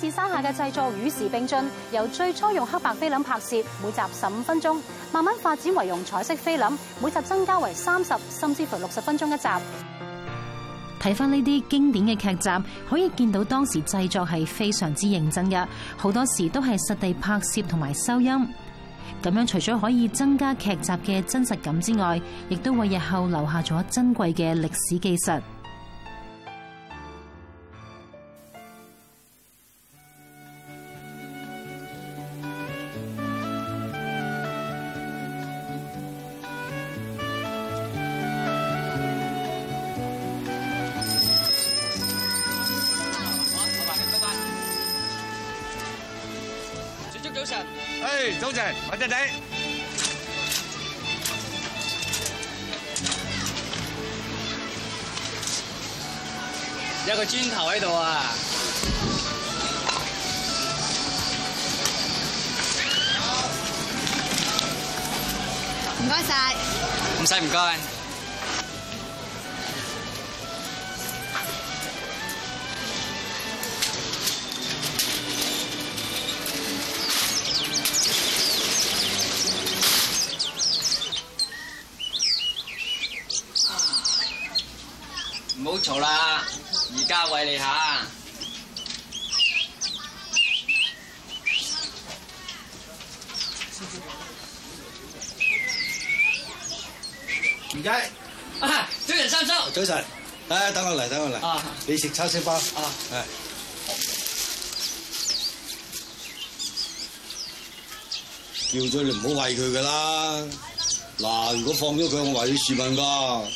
自山下嘅製作與時並進，由最初用黑白菲林拍攝，每集十五分鐘，慢慢發展為用彩色菲林，每集增加為三十，甚至乎六十分鐘一集。睇翻呢啲經典嘅劇集，可以見到當時製作係非常之認真嘅，好多時都係實地拍攝同埋收音，咁樣除咗可以增加劇集嘅真實感之外，亦都為日後留下咗珍貴嘅歷史技術。有個磚頭喺度啊！唔該晒，唔使唔該。好嘈啦，而家餵你下。唔該。啊，早晨三叔，早晨。誒，等我嚟，等我嚟。你食叉燒包啊？誒。叫咗你唔好餵佢噶啦。嗱，如果放咗佢，我懷疑市民噶。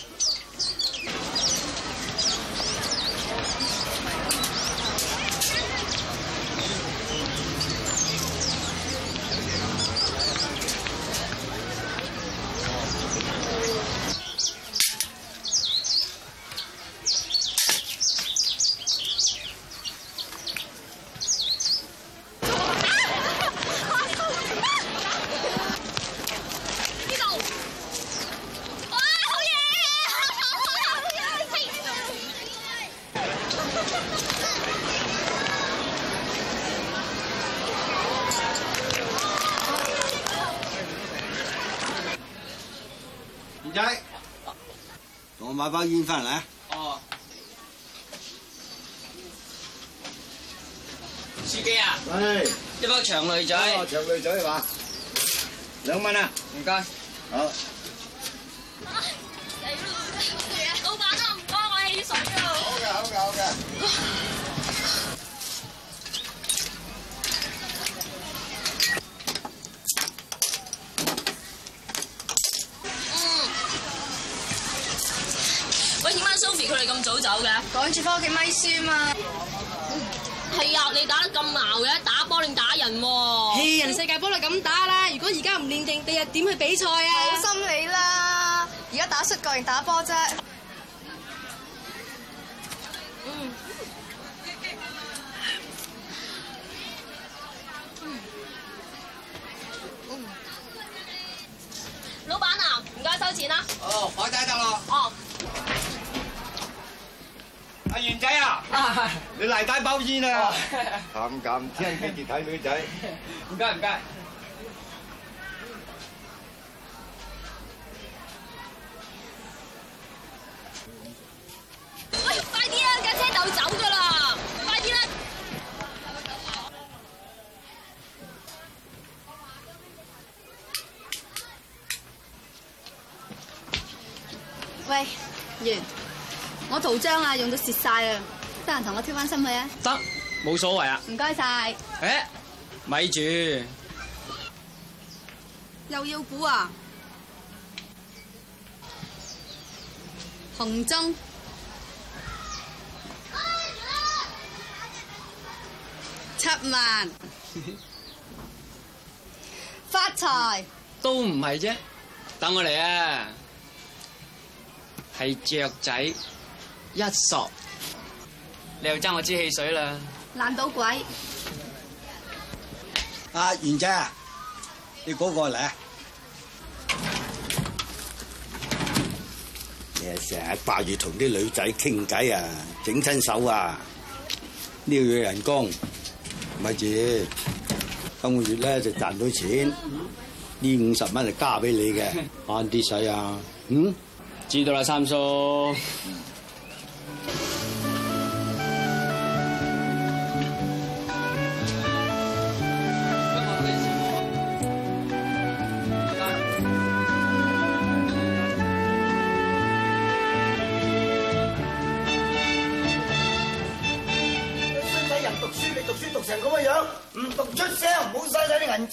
買包煙翻嚟啊！哦，司機啊，喂，一包長嘴仔，長嘴仔嘛，兩蚊啊，唔該，好。老闆啊，唔該，我係啲水嘅。好嘅，好嘅，好嘅。趕住翻屋企咪書嘛，係呀，你打得咁鬧嘅，打波定打人喎？嘿，人世界波都咁打啦，如果而家唔練定，第日點去比賽啊？冇心你啦，而家打摔角定打波啫。嗯。老闆啊，唔該收錢啦。哦，海仔得啦。僆仔啊！你嚟帶包煙啊，談談天幾時睇女仔？唔該唔該。圖章啊，用到蝕晒啊，得閒同我跳翻新去啊！得，冇所謂啊！唔該晒。誒，咪住，又要估啊！紅中，七萬，發財都唔係啫，等我嚟啊！係雀仔。一索，你又爭我支汽水啦！爛到鬼！阿賢仔啊，你過過嚟啊！你成日掛住同啲女仔傾偈啊，整親手啊，呢個月人工咪住，今個月咧就賺到錢，呢五十蚊就加俾你嘅，慳啲使啊！嗯，知道啦，三叔。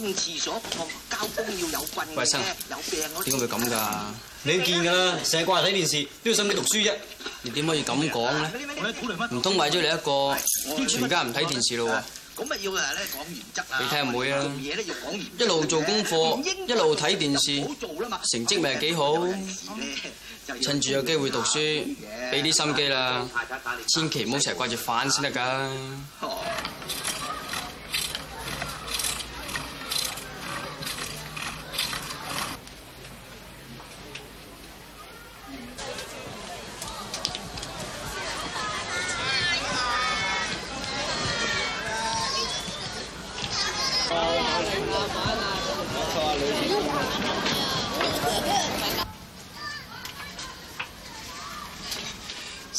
沖廁所，交工要有棍嘅。醫生，有病嗰點解會咁噶？你見噶啦，成日掛住睇電視，邊有心機讀書啫？你點可以咁講呢？唔通為咗你一個，全家唔睇電視咯？咁咪要咧講原則啊！你聽唔會啊？做嘢咧要講原則。一路做功課，一路睇電視，好做啦嘛！成績咪係幾好？趁住有機會讀書，俾啲心機啦，千祈唔好成日掛住玩先得噶。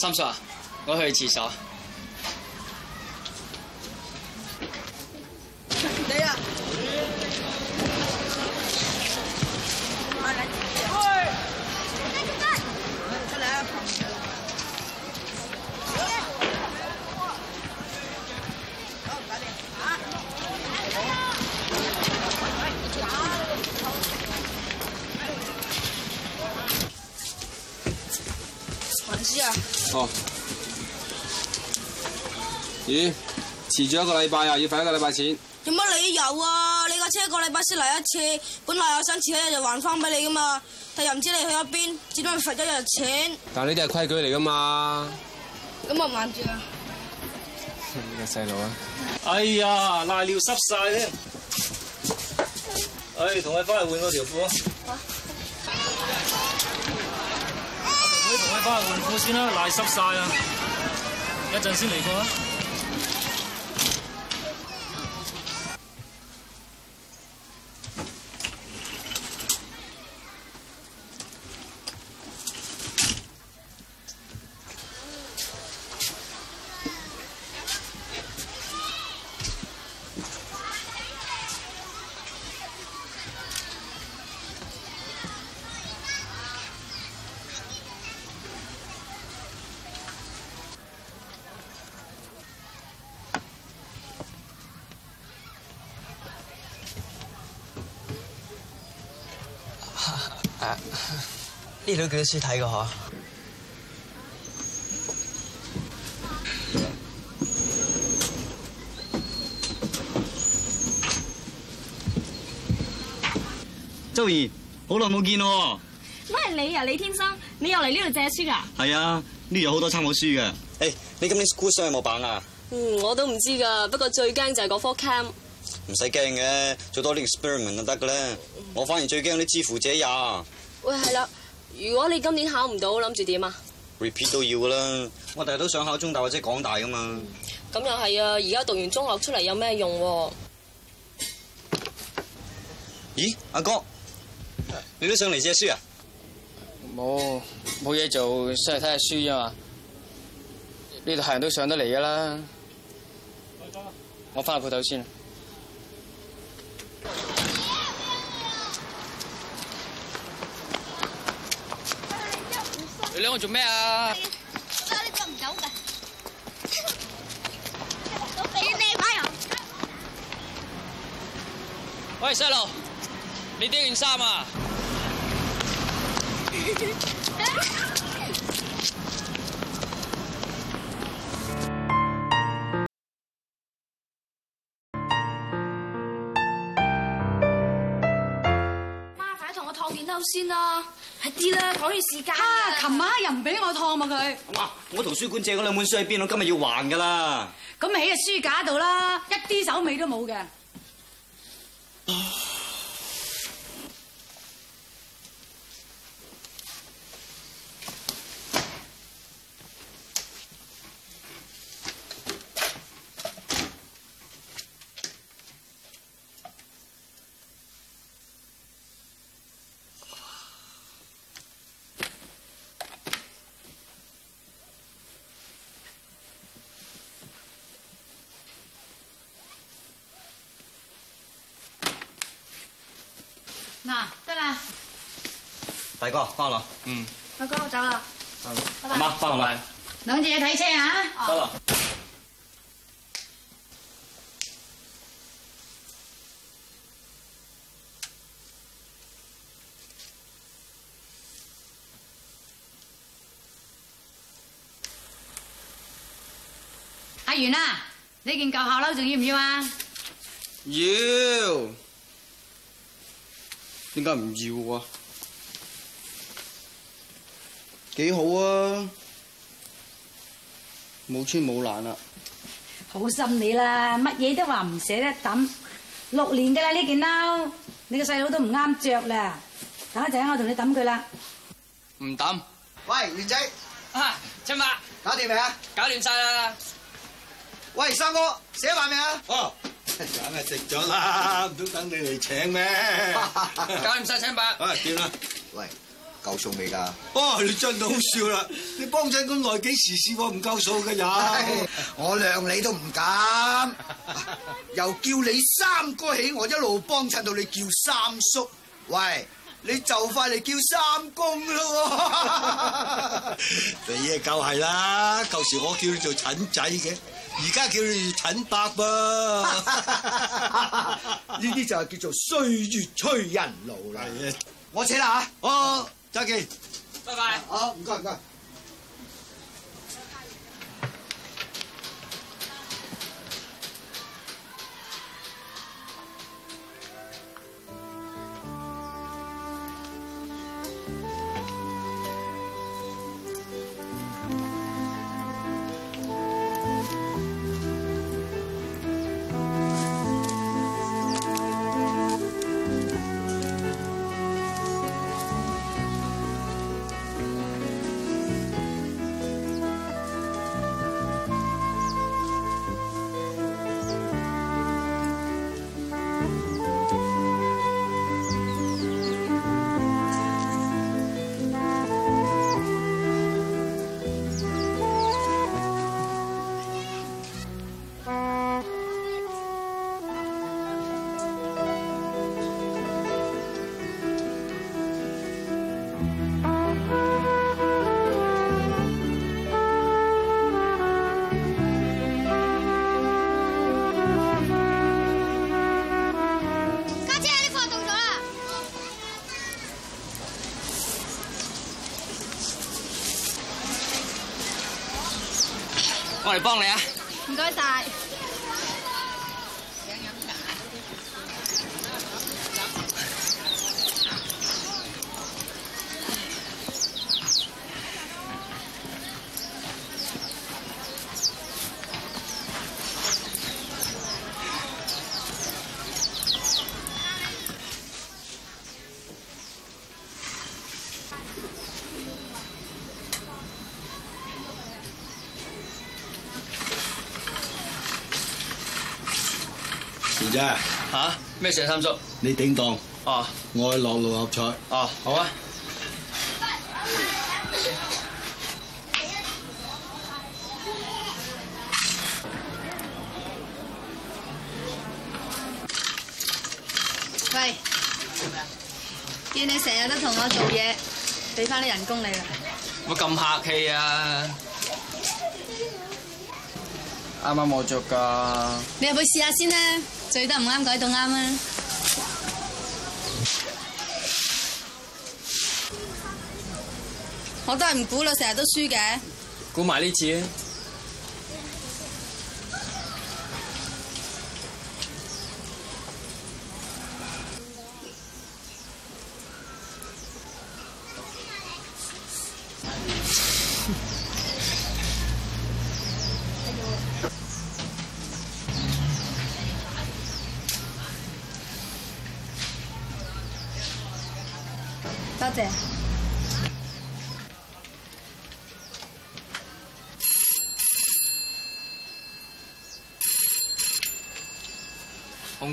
三叔啊，我去廁所。住一個禮拜啊，要罰一個禮拜錢。有乜理由啊？你個車一個禮拜先嚟一次，本來我想遲一日就還翻俾你噶嘛，但又唔知你去咗邊，只可以罰一日錢。但呢啲係規矩嚟噶嘛？咁、嗯、我慢住啊， 你個細路啊！哎呀，瀨尿濕晒添。哎，同佢翻去換我條褲。我同佢同佢翻去換褲先啦，瀨濕晒啊！一、啊、陣、啊、先嚟過。知道幾多書睇噶？嗬，周怡，好耐冇見。咩係你啊？李天生，你又嚟呢度借書噶？係啊，呢度有好多參考書噶。誒、hey，你今年 school 上有冇版啊？嗯，我都唔知噶。不過最驚就係嗰科 cam，唔使驚嘅，做多啲 experiment 就得噶啦。我反而最驚啲之乎者也呀。喂，係啦、啊。如果你今年考唔到，諗住點啊？Repeat 都要噶啦，我第日都想考中大或者廣大噶嘛。咁又係啊！而家讀完中學出嚟，有咩用啊？咦，阿哥，你都上嚟借書啊？冇，冇嘢做，出嚟睇下書啫嘛。呢度係人都上得嚟噶啦。我翻去鋪頭先。我做咩啊？你捉唔到㗎，你你快啲！喂，細路，你啲件衫啊？知啦，趕住時間。哈！琴晚黑又唔俾我燙啊。佢。哇！我圖書館借嗰兩本書喺邊？我今日要還㗎啦。咁咪喺個書架度啦，一啲手尾都冇嘅。嗱得啦，大哥放落，嗯，大哥我走啦，嗯，媽放落嚟，兩姐睇車啊，得啦，阿元啊，你件舊校褸仲要唔要啊？要。點解唔要啊？幾好啊！冇穿冇爛啊！好心你啦，乜嘢都話唔捨得抌，六年噶啦呢件褸，你個細佬都唔啱着啦，等一陣我同你抌佢啦。唔抌。喂，元仔，啊，春發，搞掂未啊？搞掂晒啦。喂，三哥，寫完未啊？哦。梗係食咗啦，唔通等你嚟請咩？搞唔晒請白！喂，點啦！喂，夠數未噶？哦，你真係好笑啦！ 你幫襯咁耐，幾時試過唔夠數嘅人？我量 你都唔敢。 又叫你三哥起，我一路幫襯到你叫三叔。喂。你就快嚟叫三公咯，你啊夠係啦，舊時我叫你做蠢仔嘅，而家叫你做蠢伯，呢啲就係叫做歲月催人老啦。我扯啦吓，好，再見，拜拜，好唔該唔該。我嚟幫你啊！唔該晒。謝三叔，你頂檔哦，我落六合彩哦，好啊。喂，見你成日都同我做嘢，俾翻啲人工你啦。乜咁客氣啊？啱啱，冇著噶。你有冇試下先啦。最多唔啱改到啱啊！我都係唔估，佢成日都輸嘅，估埋呢次。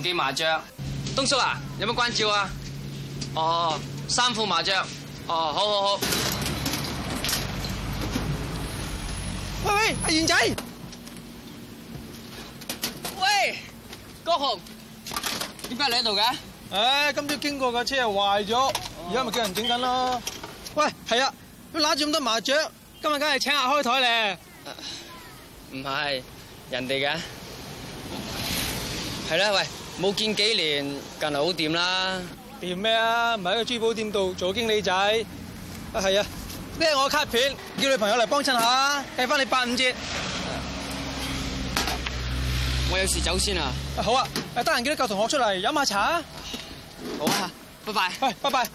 啲麻雀，東叔啊，有冇關照啊？哦，三副麻雀，哦，好好好。喂喂，阿燕仔，喂，高雄，點解嚟呢度嘅？誒，今朝經過架車壞咗，而家咪叫人整緊咯。喂，係啊，咁攞住咁多麻雀，今日梗係請客開台咧。唔係，人哋嘅，係啦，喂。冇見幾年，近嚟好掂啦！掂咩啊？唔係喺個珠寶店度做經理仔啊？係啊！呢係我卡片，叫你朋友嚟幫襯下，計翻你八五折。我有事走先啊！好啊，得閒叫啲舊同學出嚟飲下茶。好啊，拜拜。喂，拜拜。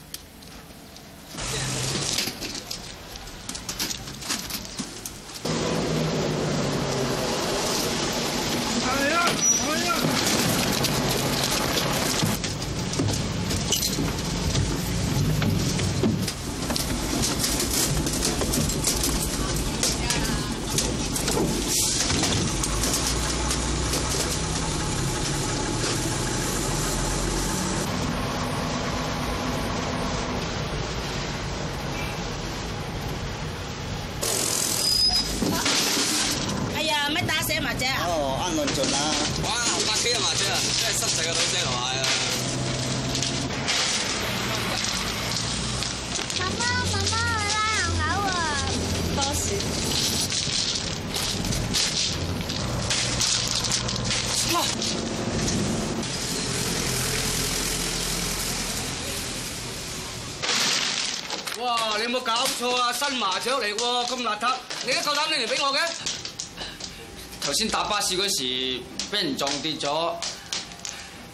嗰時俾人撞跌咗。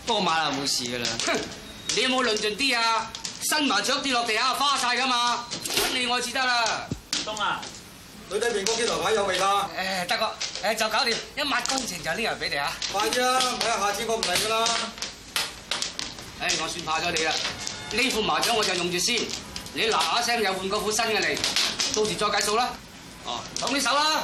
不過買冇事噶啦！你有冇論盡啲啊？新麻雀跌落地下花晒噶嘛，理我知得啦。東啊，女仔面光機位有未㗎？誒，德哥，誒就搞掂，一抹乾淨就拎入俾你啊。快啲啦，唔係下次我唔嚟噶啦。誒，我算怕咗你啦，呢副麻雀我就用住先，你嗱嗱聲又換過副新嘅嚟，到時再計數啦。哦、啊，手呢手啦。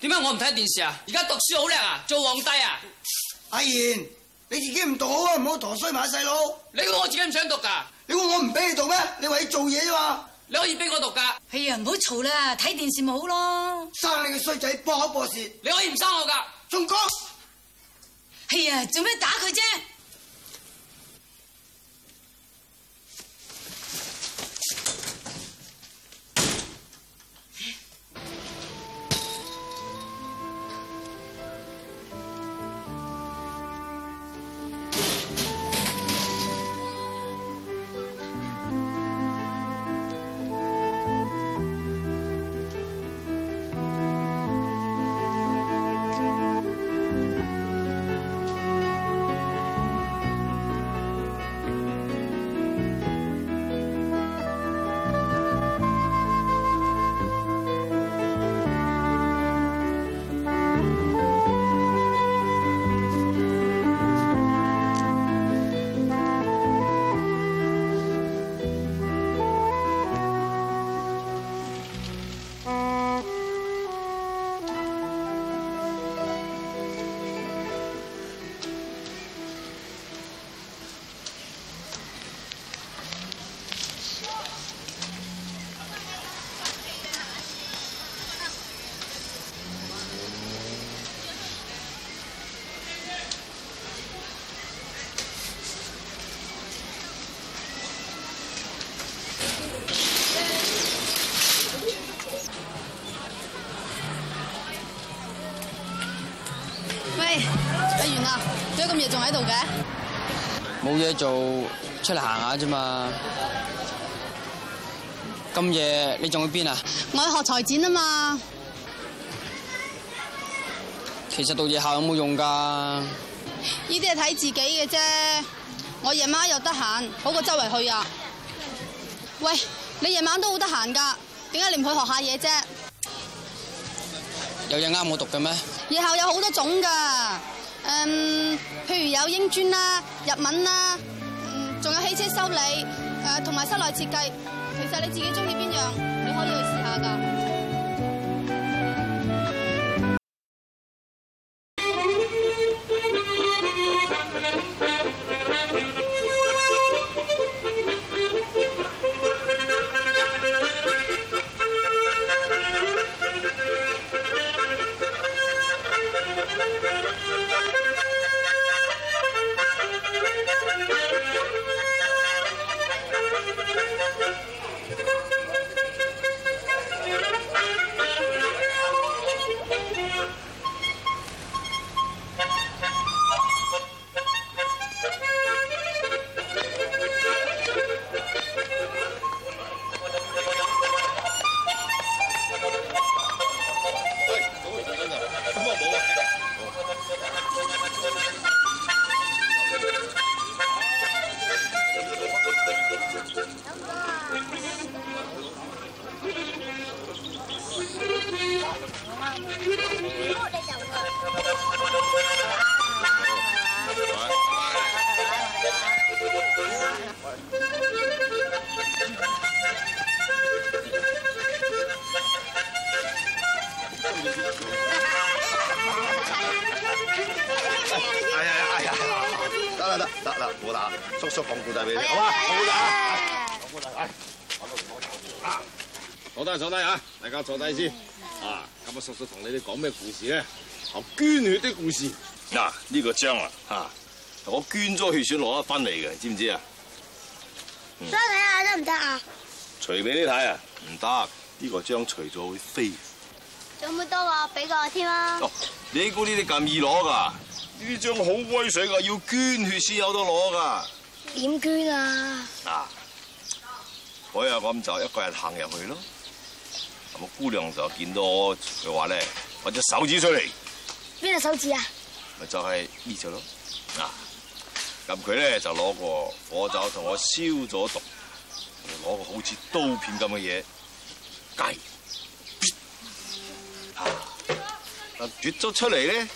點解我唔睇電視啊？而家讀書好叻啊，做皇帝啊！阿賢，你自己唔讀好啊，唔好陀衰埋細佬。你估我自己唔想讀噶？你估我唔俾你讀咩？你話你做嘢呀嘛？你可以俾我讀噶。係啊，唔好嘈啦，睇電視咪好咯。生你個衰仔，博口博舌，你可以唔生我噶？仲講，係啊，做咩打佢啫？喂、哎，阿完啊，點解咁夜仲喺度嘅？冇嘢做，出嚟行下啫嘛。今夜你仲去邊啊？我去學裁剪啊嘛。其實到夜校有冇用噶？呢啲係睇自己嘅啫。我夜晚又得閒，好過周圍去啊。喂，你夜晚都好得閒噶，點解你唔去學下嘢啫？有嘢啱我讀嘅咩？以後有好多種的，噶，誒，譬如有英專啦、日文啦，嗯，仲有汽車修理，誒、呃，同埋室內設計。其實你自己中意邊樣，你可以去試下㗎。坐低先、嗯嗯嗯嗯、啊！今日叔叔同你哋講咩故事咧？捐血的故事。嗱，呢個章啊，吓我捐咗血先攞得翻嚟嘅，知唔知啊？想睇下得唔得啊？隨便你睇啊！唔得，呢、呢個章除咗會飛，有冇多個俾我添啊？你估呢啲咁易攞噶？呢啲章好威水噶，要捐血先有得攞噶。點捐啊？嗱，好啊，咁就一個人行入去咯。個姑娘就見到我，佢話咧：搵隻手指出嚟。邊隻手指啊？咪就係、是啊、呢隻咯。嗱，咁佢咧就攞個火酒同我消咗毒，攞個好似刀片咁嘅嘢，解、啊。吓、啊，嗱，掘咗出嚟咧，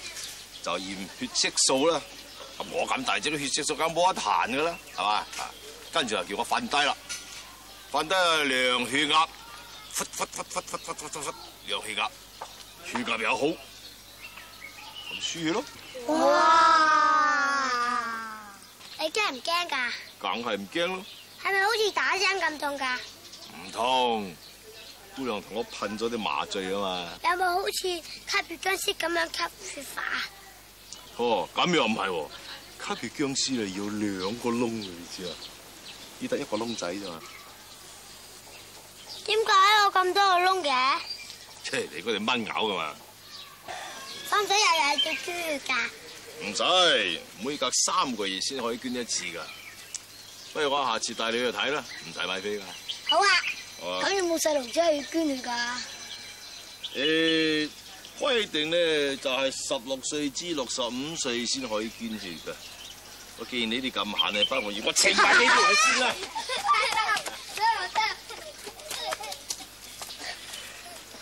就驗血色素啦。我咁大隻都，血色素梗冇得彈噶啦，係嘛？跟、啊、住就叫我瞓低啦，瞓低量血壓。有氣噶，輸架又好，咁輸血咯。哇！你驚唔驚噶？梗係唔驚咯。係咪好似打針咁痛噶？唔痛，姑娘同我噴咗啲麻醉啊嘛。有冇好似吸血僵屍咁樣吸血法？哦，咁又唔係喎，吸血僵屍啊要兩個窿你知啊，依得一個窿仔咋嘛？點解我咁多個窿嘅？即係，你嗰隻蚊咬噶嘛？唔使日日捐血噶，唔使，每隔三個月先可以捐一次噶。不如我下次帶你去睇啦，唔使買飛噶。好啊。咁有冇細路仔可以捐血噶？誒、嗯，規定呢，就係十六歲至六十五歲先可以捐血噶。我既然你哋咁閒咧，我要不如我請埋你哋去捐啦。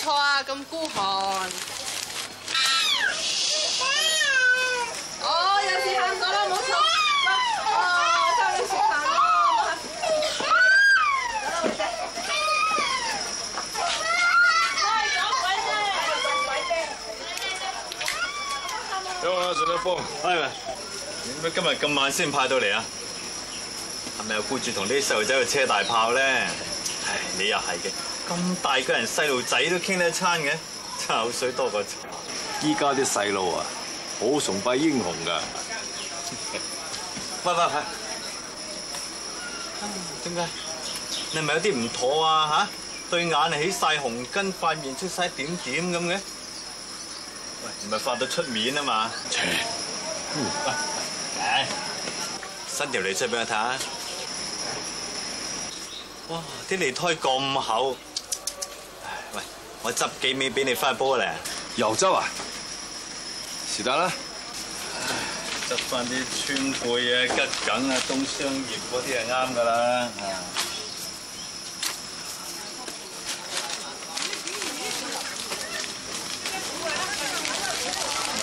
錯啊，咁孤寒。我有事喊咗啦，冇錯。哦，我仲有事喊。哎呀，鬼聲，仲鬼聲。點啊，陳德芳啊，係咪啊？點解啊，今日咁晚先派到嚟啊？係咪又顧住同啲細路仔去車大炮咧？唉，你又係嘅。咁大個人，細路仔都傾得一餐嘅，真口水多過茶。依家啲細路啊，好崇拜英雄㗎。喂喂喂，點解？你係咪有啲唔妥啊？嚇，對眼起晒紅筋，塊面出晒點點咁嘅。喂，唔係發到出面啊嘛？切，唔得，嚟伸條脷出俾我睇下。哇，啲脷苔咁厚。我執幾味俾你翻去煲咧，油汁啊，是但啦，執翻啲川貝啊、桔梗啊、東商葉嗰啲係啱噶啦。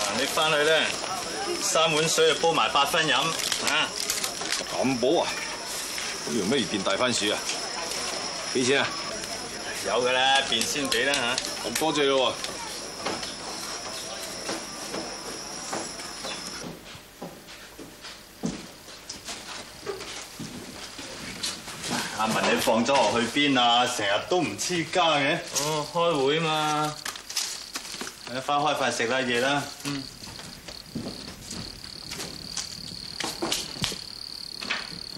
嗱，你翻去咧，三碗水就煲埋八分飲，啊，咁補啊？有樣咩變大番薯啊？俾錢啊？有嘅啦，便先俾啦嚇，咁多謝咯喎。阿文，你放咗學去邊啊？成日都唔黐家嘅。哦，開會吖嘛。你翻開飯食啦，夜啦。嗯。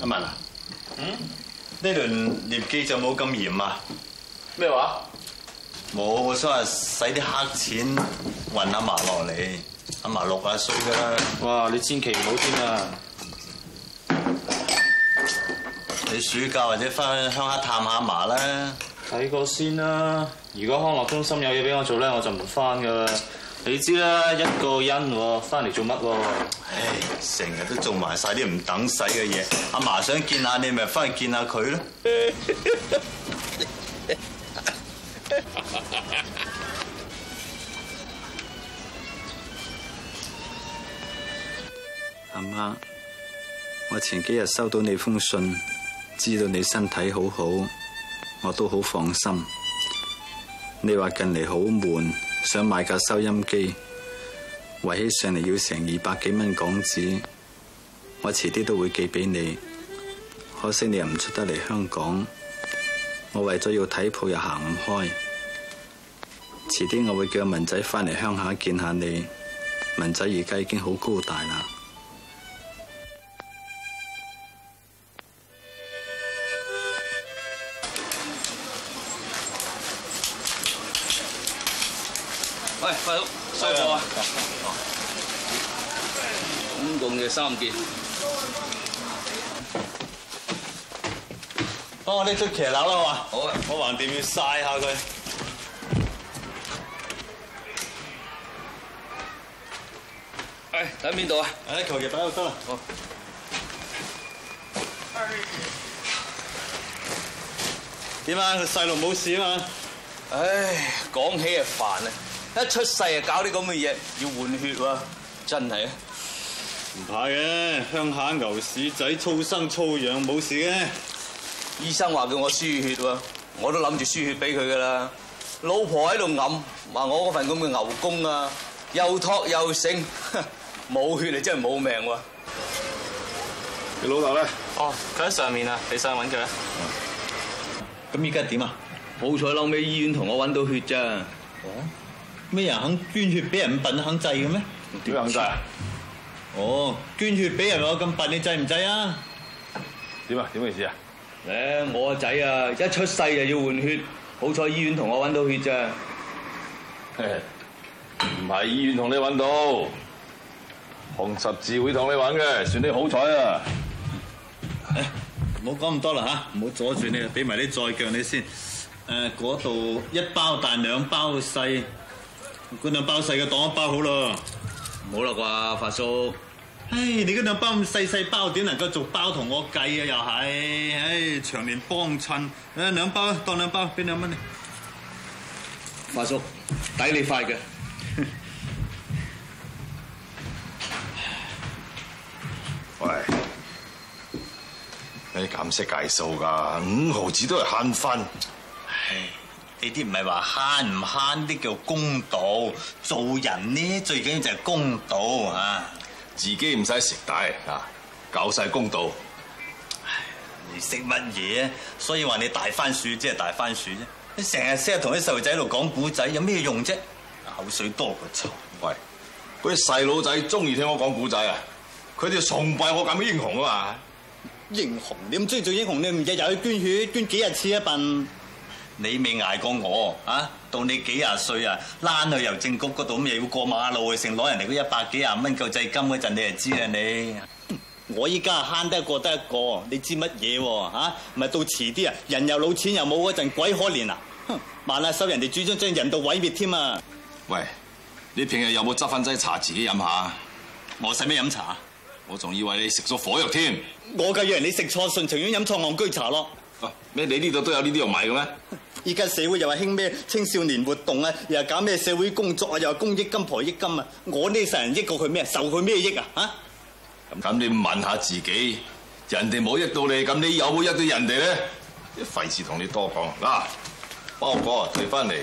阿文啊。嗯。呢輪年紀就冇咁嚴啊。咩話？冇，我想話使啲黑錢運阿嫲落嚟，阿嫲六十歲噶啦。哇！你千祈唔好添啊！你暑假或者翻去鄉下探下嫲啦。睇過先啦。如果康樂中心有嘢俾我做咧，我就唔翻噶啦。你知啦，一個人喎，翻嚟做乜？唉、哎，成日都做埋晒啲唔等使嘅嘢。阿嫲想見下你，咪翻去見下佢咯。 阿媽，我前幾日收到你封信，知道你身體好好，我都好放心。你話近嚟好悶，想買架收音機，維起上嚟要成二百幾蚊港紙，我遲啲都會寄畀你。可惜你又唔出得嚟香港，我為咗要睇鋪又行唔開，遲啲我會叫文仔翻嚟鄉下見下你。文仔而家已經好高大啦。快啲收咗啊！總共嘅三件好，幫我拎出騎樓啦，好嘛？好啊，我橫掂要曬下佢。誒，擺邊度啊？誒，求其擺度得啦。好。點啊？個細路冇事啊嘛？唉，講起啊，煩啊！一出世啊，搞啲咁嘅嘢要換血喎，真係啊，唔怕嘅，鄉下牛屎仔粗生粗養冇事嘅。醫生話叫我輸血喎，我都諗住輸血俾佢㗎喇。老婆喺度揞話我嗰份咁嘅牛工啊，又托又剩，冇血啊真係冇命喎。你老豆咧？哦，佢喺上面啊，你上去揾佢啦。咁依家點啊？好彩後尾醫院同我揾到血咋。哦。咩人肯捐血俾人笨肯制嘅咩？點樣制啊？哦，捐血俾人我咁笨，你制唔制啊？點啊？點回事啊？誒、欸，我個仔啊，一出世就要換血，好彩醫院同我揾到血咋。唔係醫院同你揾到，紅十字會同你揾嘅，算你好彩啊。誒、欸，唔好講咁多啦吓，唔好阻住你，俾埋啲再叫你先。誒、呃，嗰度一包大，兩包細。嗰兩包細嘅當一包好咯，唔好啦啩，發叔。唉，你嗰兩包咁細細包，點能夠做包同我計啊？又係，唉，長年幫襯，唉，兩包當兩包，俾兩蚊你。發叔，抵你快嘅。 喂，你咁識計數噶，五毫子都係慳翻。唉呢啲唔係話慳唔慳，啲叫公道，做人呢，最緊要就係公道啊。自己唔使蝕底啊，搞晒公道。食公道？唉，你識乜嘢？所以話你大番薯即係大番薯啫。你成日成日同啲細路仔喺度講古仔，有咩用啫？口水多過臭。喂，嗰啲細路仔中意聽我講古仔啊？佢哋崇拜我咁嘅英雄啊嘛！英雄？你唔中意做英雄，你唔日日去捐血，捐幾日次一笨？你未挨過我啊？到你幾廿歲啊，躝去郵政局嗰度咩？要過馬路去，成攞人哋嗰一百幾廿蚊救濟金嗰陣，你就知啦你。我依家慳得一個得一個，你知乜嘢喎？嚇、啊，咪到遲啲啊，人又老，錢又冇嗰陣，鬼可憐啊！萬一、啊、收人哋主張將人道毀滅添啊！喂，你平日有冇執翻劑茶自己飲下？我使咩飲茶？我仲以為你食咗火藥添。我嘅藥你食錯信，順情願飲錯憨居茶咯。咩、啊？你呢度都有呢啲用買嘅咩？依家社會又係興咩青少年活動啊，又搞咩社會工作啊，又公益金婆益金啊，我呢世人益過佢咩？受佢咩益啊？吓、啊！咁咁你問一下自己，人哋冇益到你，咁你有冇益到人哋咧？費事同你多講嗱，包、啊、哥退翻嚟。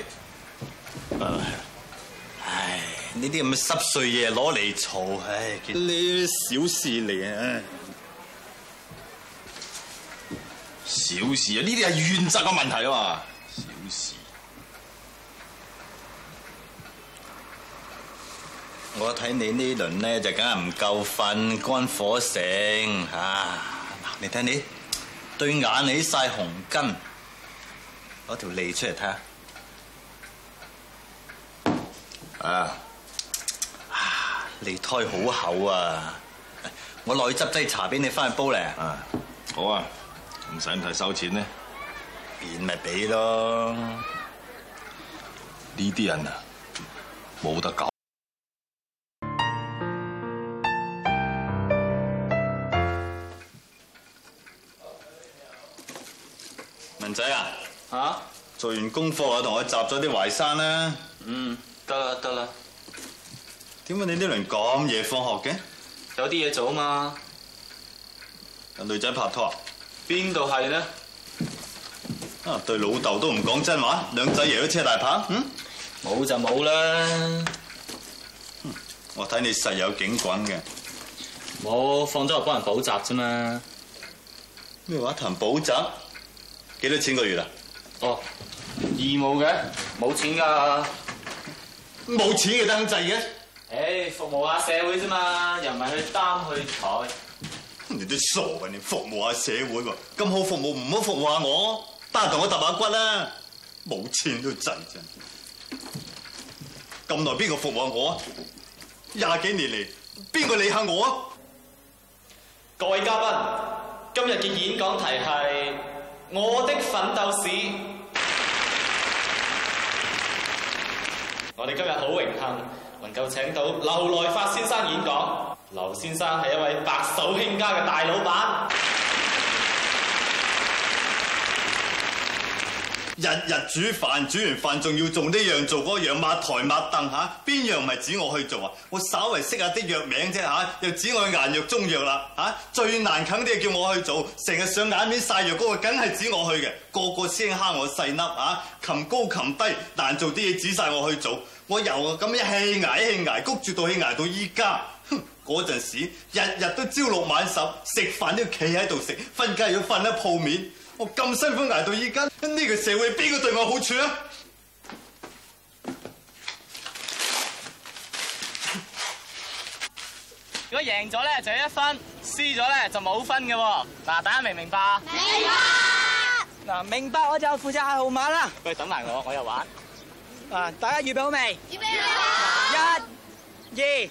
唉，呢啲咁嘅濕碎嘢攞嚟嘈，唉，呢小事嚟啊。小事啊！呢啲係原則嘅問題啊嘛。小事。這小事我睇你呢輪咧就梗係唔夠瞓，肝火盛。看看啊！嗱，你睇你對眼起晒紅筋，攞條脷出嚟睇下。啊！脷苔好厚啊！我落去執劑茶俾你翻去煲嚟。啊，好啊。唔使，唔使收錢呢，便咪俾咯。呢啲人啊，冇得搞。文仔啊，嚇，做完功課啊，同我集咗啲淮山啦。嗯，得啦得啦。點解你呢輪咁夜放學嘅？有啲嘢做啊嘛。女仔拍拖。邊度係咧？啊，對老豆都唔講真話，兩仔爺都車大炮，嗯？冇就冇啦。我睇你實有景轟嘅。我放咗學幫人補習啫嘛。咩話？談補習？幾多錢個月啊？哦，義務嘅，冇錢噶，冇錢嘅等制嘅？誒，服務下社會啫嘛，又唔係去擔去抬。你都傻㗎？你服務下社會喎，咁好服務唔好服務下我？得閒同我揼下骨啦，冇錢都震震。咁耐邊個服務下我啊？廿幾年嚟邊個理下我啊？各位嘉賓，今日嘅演講題係《我的奮鬥史》。 我哋今日好榮幸能夠請到劉來發先生演講。劉先生係一位白手興家嘅大老闆，日日煮飯，煮完飯仲要做呢樣做嗰樣抹台抹凳嚇，邊樣唔係指我去做啊？我稍微識下啲藥名啫嚇，又指我研藥中藥啦嚇，最難啃啲叫我去做，成日上眼面晒藥膏，梗係指我去嘅，個個先蝦我細粒嚇，擒高擒低難做啲嘢指晒我去做，我由咁一氣捱一氣捱，谷住到氣捱到依家。嗰陣時日日都朝六晚十，食飯都要企喺度食，瞓覺要瞓喺鋪面。我咁辛苦挨到依家，呢個社會邊個對我好處啊？如果贏咗咧就一分，輸咗咧就冇分嘅。嗱，大家明唔明白？明白。嗱，明白我就負責下號碼啦。喂，等埋我，我又玩。啊，大家預備好未？預備好。一、二。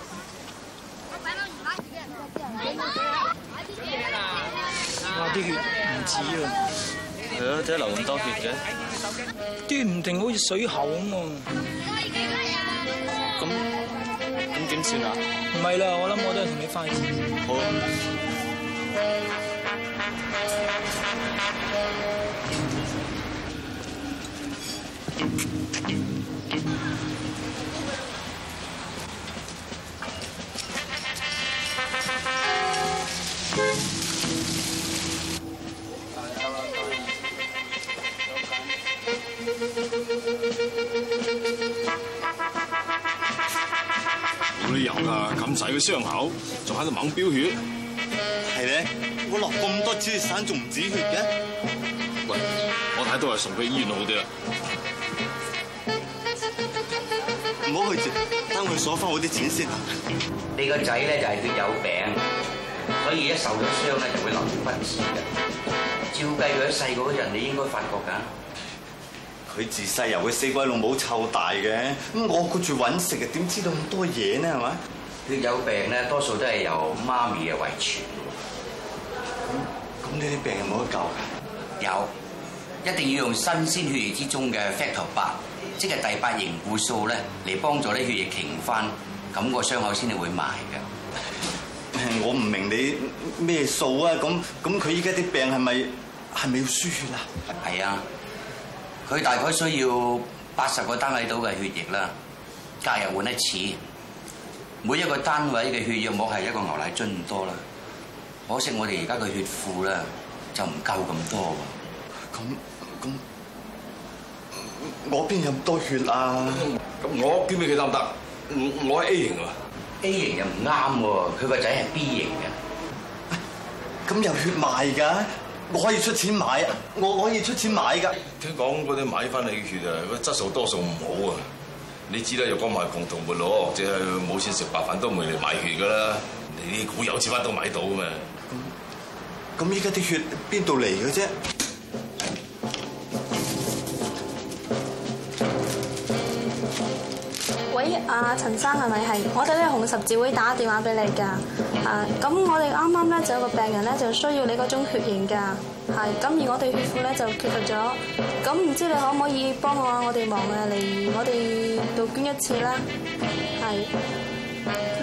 哇！啲血唔止啊。係啊，點解流咁多血嘅？端唔定好似水喉咁喎、啊。咁咁點算啊？唔係啦，我諗我都係同你返去先好。啊！咁細嘅傷口仲喺度猛飆血，係咧！我落咁多止血散仲唔止血嘅？喂，我睇都係送去醫院好啲啦，唔好去等佢鎖翻我啲錢先。你個仔咧就係、是、佢有病，所以一受咗傷咧就會流血不止嘅。照計佢喺細個嗰陣你應該發覺噶，佢自細由佢死鬼老母湊大嘅，咁我顧住搵食啊，點知道咁多嘢呢？係咪？血有病咧，多數都係由媽咪嘅遺傳。咁咁呢啲病有冇得救㗎？有，一定要用新鮮血液之中嘅 factor 八，即係第八型固素咧，嚟幫助啲血液凝翻，咁個傷口先至會埋嘅。我唔明你咩數啊？咁咁佢依家啲病係咪係咪要輸血啊？係啊，佢大概需要八十個單位度嘅血液啦，隔日換一次。每一個單位嘅血液冇係一個牛奶樽咁多啦，可惜我哋而家嘅血庫呢就唔夠咁多喎。咁咁，我邊有咁多血啊？咁我捐俾佢得唔得？我係 A 型喎，啊。A 型又唔啱喎，佢個仔係 B 型嘅，啊。咁有血賣㗎，我可以出錢買啊！我可以出錢買㗎。聽講嗰啲買翻嚟嘅血啊，個質素多數唔好啊。你知啦，如果唔係窮途末路或者係冇錢食白飯都唔會嚟買血㗎啦。你啲股有先翻都買到嘛？咁咁依家啲血邊度嚟嘅啫？阿陳生係咪係？我哋咧，紅十字會打電話俾你噶。啊，咁我哋啱啱咧，就有個病人咧，就需要你嗰種血型噶。係，咁而我哋血庫咧，就缺乏咗。咁唔知你可唔可以幫我我哋忙啊？嚟我哋度捐一次啦。係，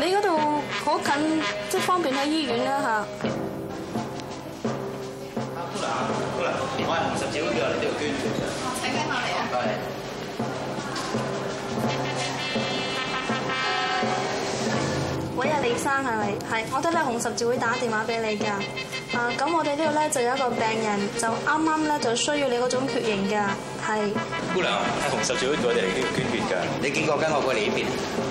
你嗰度好近，即係方便喺醫院啦吓。姑娘，阿姑娘，我係紅十字會嘅嚟，度捐。係，我哋咧，紅十字會打電話俾你噶。啊，咁我哋呢度咧就有一個病人，就啱啱咧就需要你嗰種血型噶。係，姑娘，係紅十字會過嚟捐捐血噶。你見過跟我過嚟呢邊？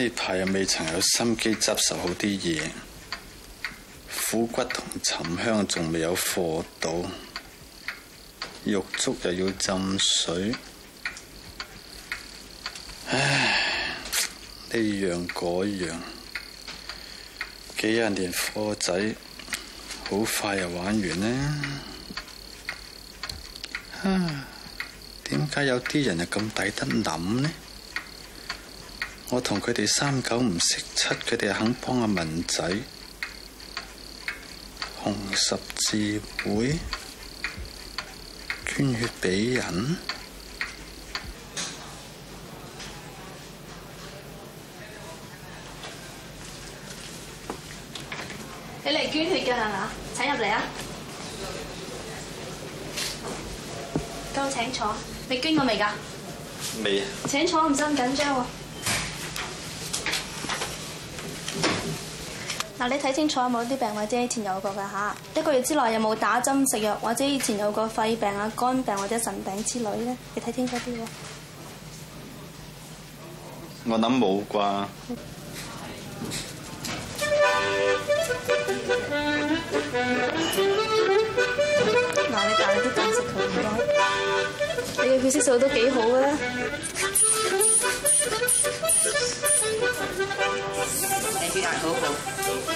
呢排又未曾有心機執拾好啲嘢，苦骨同沉香仲未有貨到，玉竹又要浸水，唉，呢樣嗰樣，幾廿年貨仔，好快又玩完啦。哈，點解有啲人又咁抵得諗呢？我同佢哋三九唔識七，佢哋肯幫阿文仔紅十字會捐血俾人。你嚟捐血嘅係嘛？請入嚟啊！都請坐。你捐過未噶？未啊！請坐，唔使咁緊張喎。嗱，你睇清楚有冇啲病或者以前有過㗎吓，一個月之內有冇打針食藥或者以前有過肺病啊、肝病或者腎病之類咧？你睇清楚啲喎。我諗冇啩。嗱， 你打啲膽結球唔該，你嘅血色素都幾好啊。 你叫阿哥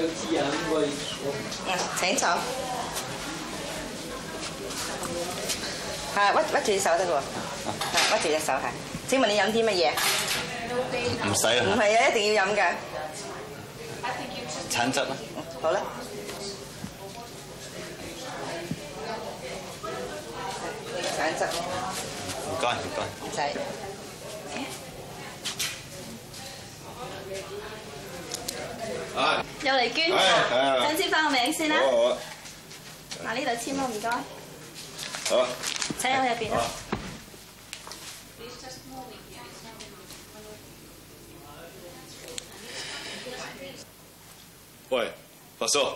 嗯，請坐。係，握握住隻手得喎。係，握住隻手係。請問你飲啲乜嘢？唔使啊。唔係啊，一定要飲㗎。橙汁啦。好啦。橙汁。唔該，唔該。唔使。又嚟捐等想簽翻個名先啦。嗱，呢度簽啦，唔該。好，請入去入邊。喂，伯叔，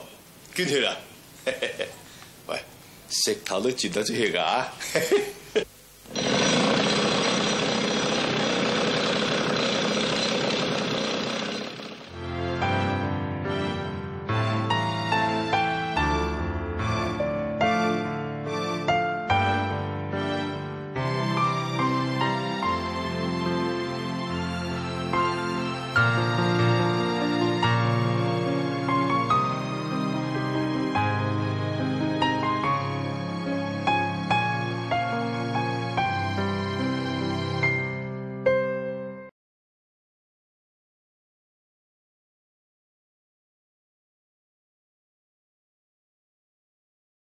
捐血啊？ 喂，石頭都轉得出去㗎啊！